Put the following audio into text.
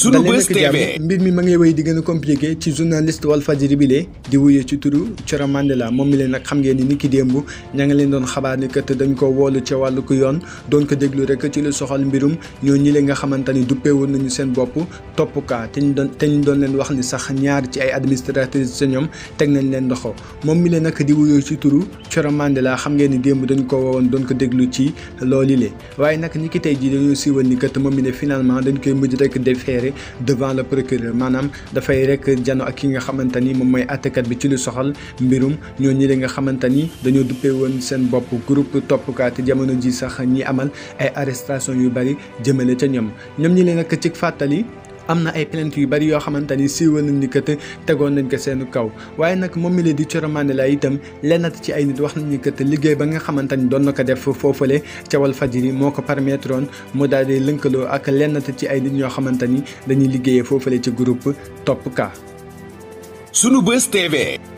sunu Buzz TV mbir mi ma ngi wéy di gën compliqué ci journaliste Walfadjri bi lee di wuyee ci turu Thioro Mandela moom mi leen nag xam ngeen ni ni ki démb ña nga leen doon xabaar ni kat dañ ko woolu ca wàllu ko yoon doon ko déglu ci lu soxal mbirum ñoo ñi leen nga xamante ni duppeewoon nañu seen bopp toppukaa te ñu doon te ñu doon leen wax ni sax ñaar ci ay administratrices sa ñoom teg nañ leen ndoxo moom mi leen nag di wuyoo ci turu Thioro Mandela xam ngeen ni démb dañ ko woowoon doon ko déglu ci loolu le waaye nag ni ki tey ji dañoo siiwal ni kat moom ne finalement dañ koy mujj rek déféré déclaré devant le procureur maanaam dafay rek jano ak ki nga xamante ni moom mooy àttekat bi ci lu soxal mbirum ñoo ñi nga xamante ni dañoo duppee woon seen bopp groupe toppkaati jamono ji sax ñi amal ay arrestation yu bari jëmale ca ñoom ñoom ñi leen nag fàttali am na ay plainte yu bari yoo xamante ni siiwal nañ ni kat tegoon nañ ko seenu kaw waaye nag moom mi la di Coro Mané Laye itam lennat ci ay nit wax nañ ni kat liggéey ba nga xamante ni doon na ko def foofale ca Walfadjri moo ko permettre woon mu daal di lënkaloo ak lennat ci ay nit ñoo xamante ni dañuy liggéeyee foofale ci topp ka Sunu Buzz TV.